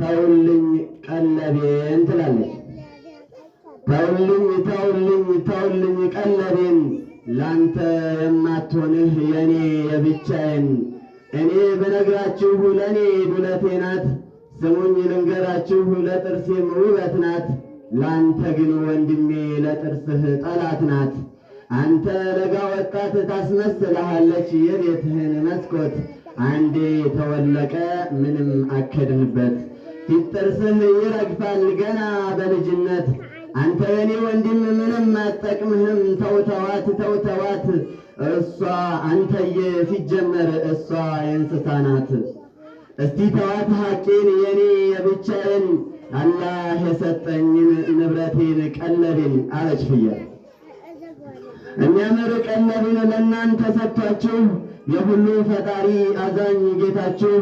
ተውልኝ ቀለቤን ትላለች። ተውልኝ ተውልኝ ተውልኝ ቀለቤን ላንተ የማትሆንህ የኔ የብቻዬን እኔ ብነግራችሁ ለእኔ ዱለቴ ናት። ስሙኝ ልንገራችሁ ለጥርሴም ውበት ናት። ላንተ ግን ወንድሜ ለጥርስህ ጠላት ናት። አንተ ለጋ ወጣት ታስመስልሃለች የቤትህን መስኮት አንዴ ተወለቀ ምንም አከድንበት ሲጠርስህ ይረግፋል ገና በልጅነት አንተ የኔ ወንድም ምንም አትጠቅምህም ተውተዋት ተውተዋት እሷ አንተዬ ሲጀመር እሷ የእንስሳ ናት። እስቲ ተዋት ሐቄን የኔ የብቻዬን አላህ የሰጠኝን ንብረቴን ቀለቤን አለች ፍየል። እሚያምር ቀለቤን ለእናንተ ሰጥቷችሁ የሁሉ ፈጣሪ አዛኝ ጌታችሁ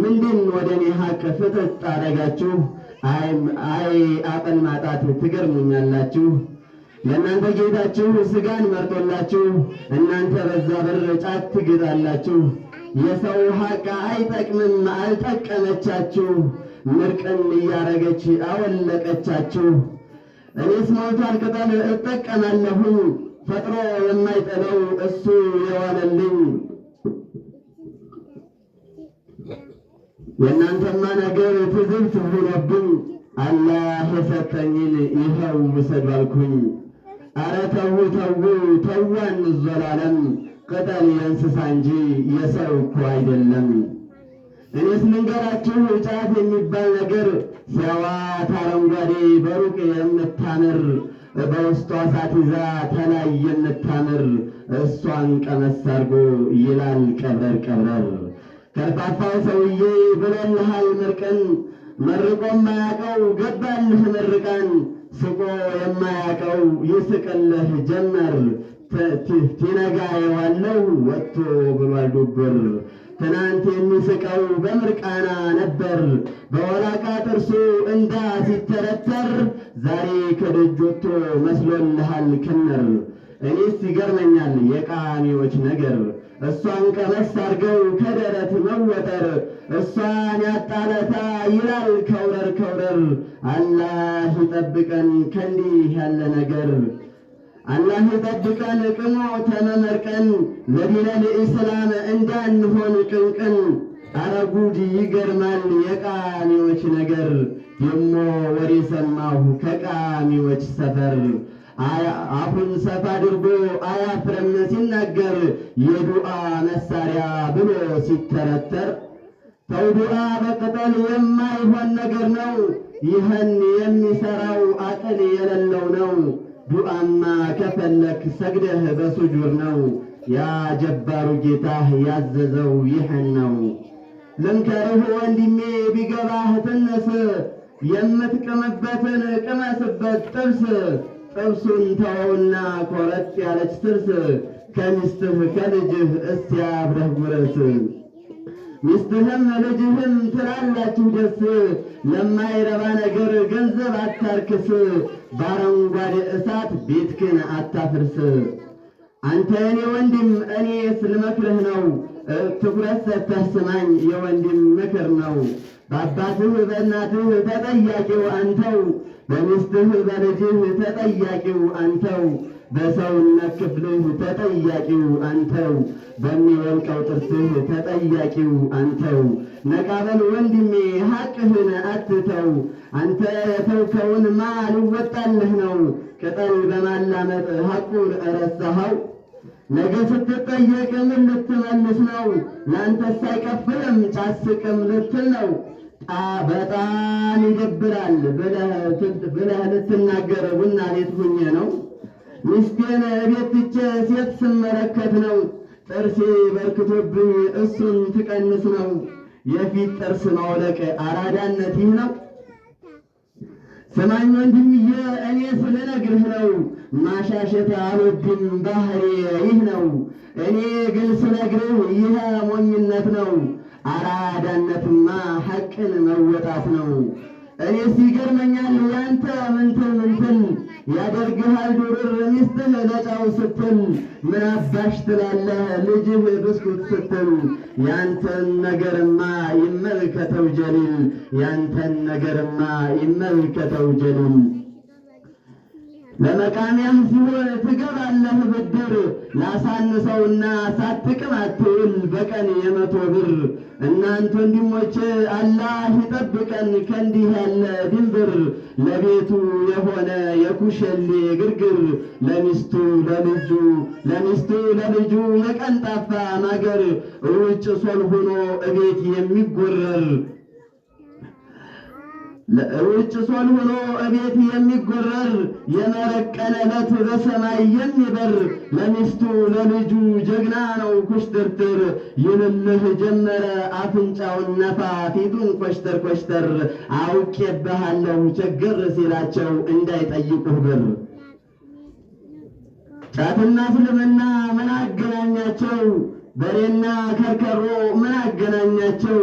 ምንድን ወደ እኔ ሀቅ ፍጥጥ አደረጋችሁ? አይ አቅን ማጣት ትገርሙኛላችሁ። ለእናንተ ጌታችሁ ስጋን መርጦላችሁ እናንተ በዛ ብር ጫት ትግጣላችሁ። የሰው ሀቅ አይጠቅምም አልጠቀመቻችሁ፣ ምርቅን እያረገች አወለቀቻችሁ። እኔስ ሞልቷል ቅጠል እጠቀማለሁኝ ፈጥሮ የማይጠለው እሱ የዋለልኝ የእናንተማ ነገር ትዝብት ሁኖብኝ አላህ የሰጠኝን ይኸው ውሰድ አልኩኝ። አረ ተዉ ተዉ ተዋን ዘላለም ቅጠል የእንስሳ እንጂ የሰው እኮ አይደለም። እኔስ ልንገራችሁ ጫት የሚባል ነገር ሲያዋት አረንጓዴ በሩቅ የምታምር በውስጧ እሳት ይዛ ተላይ የምታምር እሷን ቀመስ አድርጎ ይላል ቀብረር ቀብረር ከርታታው ሰውዬ ብለልሃል ምርቀን መርቆም ማያቀው ገባልህ ምርቃን ስቆ የማያቀው ይስቅልህ ጀመር ቲነጋ የዋለው ወጥቶ ብሏል ዱብር ትናንት የሚስቀው በምርቃና ነበር በወላቃ ጥርሱ እንዳ ሲተረተር ዛሬ ከደጅ ወጥቶ መስሎልሃል ክምር እኔስ ይገርመኛል የቃሚዎች ነገር እሷን ቀለስ አድርገው ከደረት መወጠር እሷን ያጣለታ ይላል ከውረር ከውረር። አላህ ይጠብቀን ከእንዲህ ያለ ነገር። አላህ ይጠብቀን ቅሞ ተመመርቀን ለዲነል ኢስላም እንዳንሆን ቅንቅን። አረጉድ ይገርማል የቃሚዎች ነገር። ደሞ ወሬ ሰማሁ ከቃሚዎች ሰፈር አፉን ሰፋ አድርጎ አያፍርም ሲናገር የዱዓ መሳሪያ ብሎ ሲተረተር ሰው ዱዓ በቅጠል የማይሆን ነገር ነው። ይህን የሚሰራው አቅል የሌለው ነው። ዱዓማ ከፈለክ ሰግደህ በሱጁር ነው። ያ ጀባሩ ጌታህ ያዘዘው ይህን ነው። ልንከርህ ወንድሜ ቢገባህ ትንስ የምትቅምበትን ቅመስበት ጥብስ እርሱን ተወውና ኮረት ያለች ትርስ ከሚስትህ ከልጅህ እስያ አብረህ ጉረስ። ሚስትህም ልጅህም ትላላችሁ ደስ። ለማይረባ ነገር ገንዘብ አታርክስ፣ በአረንጓዴ እሳት ቤትክን አታፍርስ። አንተ እኔ ወንድም እኔ ስልመክርህ ነው፣ ትኩረት ሰተህ ስማኝ የወንድም ምክር ነው። በአባትህ በእናትህ ተጠያቂው አንተው፣ በሚስትህ በልጅህ ተጠያቂው አንተው፣ በሰውነት ክፍልህ ተጠያቂው አንተው፣ በሚወልቀው ጥርስህ ተጠያቂው አንተው። ነቃበል ወንድሜ ሐቅህን አትተው፣ አንተ የተውከውን ማ ሊወጣልህ ነው? ቅጠል በማላመጥ ሐቁን እረሳኸው ነገ ስትጠየቅም ልትመልስ ነው። ለአንተስ አይከፍልም ጫስቅም ልትል ነው። በጣም ይደብራል ብለህ ልትናገር ቡና ቤት ሁኜ ነው። ሚስቴን ቤት ትቼ ሴት ስመለከት ነው። ጥርሴ በርክቶብኝ እሱን ትቀንስ ነው። የፊት ጥርስ ማውለቅ አራዳነት ይህ ነው። ስማኝ ወንድምዬ፣ እኔ ስለነግርህ ነው። ማሻሸት አልወድም፣ ባህሬ ይህ ነው። እኔ ግን ስነግርህ ይህ ሞኝነት ነው። አራዳነትማ ሐቅን መወጣት ነው። እኔስ ይገርመኛል ያንተ ምንትን ምንትን ያደርግሃል ዱርር ሚስትህ ለጫው ስትል ምን አባሽ ትላለህ ልጅህ ብስኩት ስትል ያንተን ነገርማ ይመልከተው ጀሊል ያንተን ነገርማ ይመልከተው ጀሊል ለመቃሚያም ሲሆን ትገባለህ ብድር ላሳንሰውና ሳትቅም አትውል በቀን የመቶ ብር እናንተ ወንድሞች አላህ ይጠብቀን ከእንዲህ ያለ ድንብር። ለቤቱ የሆነ የኩሸሌ ግርግር ለሚስቱ ለልጁ ለሚስቱ ለልጁ የቀንጣፋ ማገር ውጭ ሶል ሆኖ እቤት የሚጎረር ለውጭ ሶል ሆኖ እቤት የሚጎረር የመረቀለለት በሰማይ የሚበር ለሚስቱ ለልጁ ጀግና ነው ኩሽትርትር። ይልልህ ጀመረ አፍንጫውን ነፋ ፊቱን ኮሽተር ኮሽተር። አውቄብሃለሁ ችግር ሲላቸው እንዳይጠይቁህ ብር ጫትና ስልምና ምን አገናኛቸው? በሬና ከርከሮ ምን አገናኛቸው?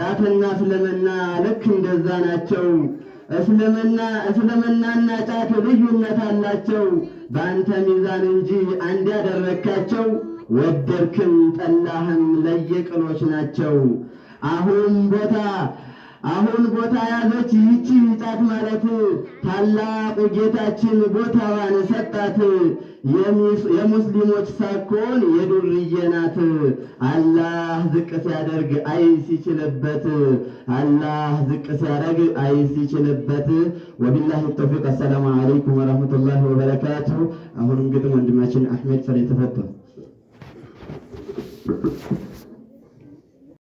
ጫትና እስልምና ልክ እንደዛ ናቸው። እስልምና እስልምናና ጫት ልዩነት አላቸው። በአንተ ሚዛን እንጂ አንድ ያደረካቸው ወደድክም ጠላህም ለየቅሎች ናቸው። አሁን ቦታ አሁን ቦታ ያዘች ይቺ ሕፃን ማለት ታላቁ ጌታችን ቦታዋን ሰጣት። የሙስሊሞች ሳኮን የዱርዬ ናት። አላህ ዝቅ ሲያደርግ አይ ሲችልበት፣ አላህ ዝቅ ሲያደርግ አይ ሲችልበት። ወቢላሂ ተውፊቅ። አሰላሙ አለይኩም ወረሕመቱላሂ ወበረካቱ። አሁንም ግጥም ወንድማችን አሕመድ ፈሬ ተፈታ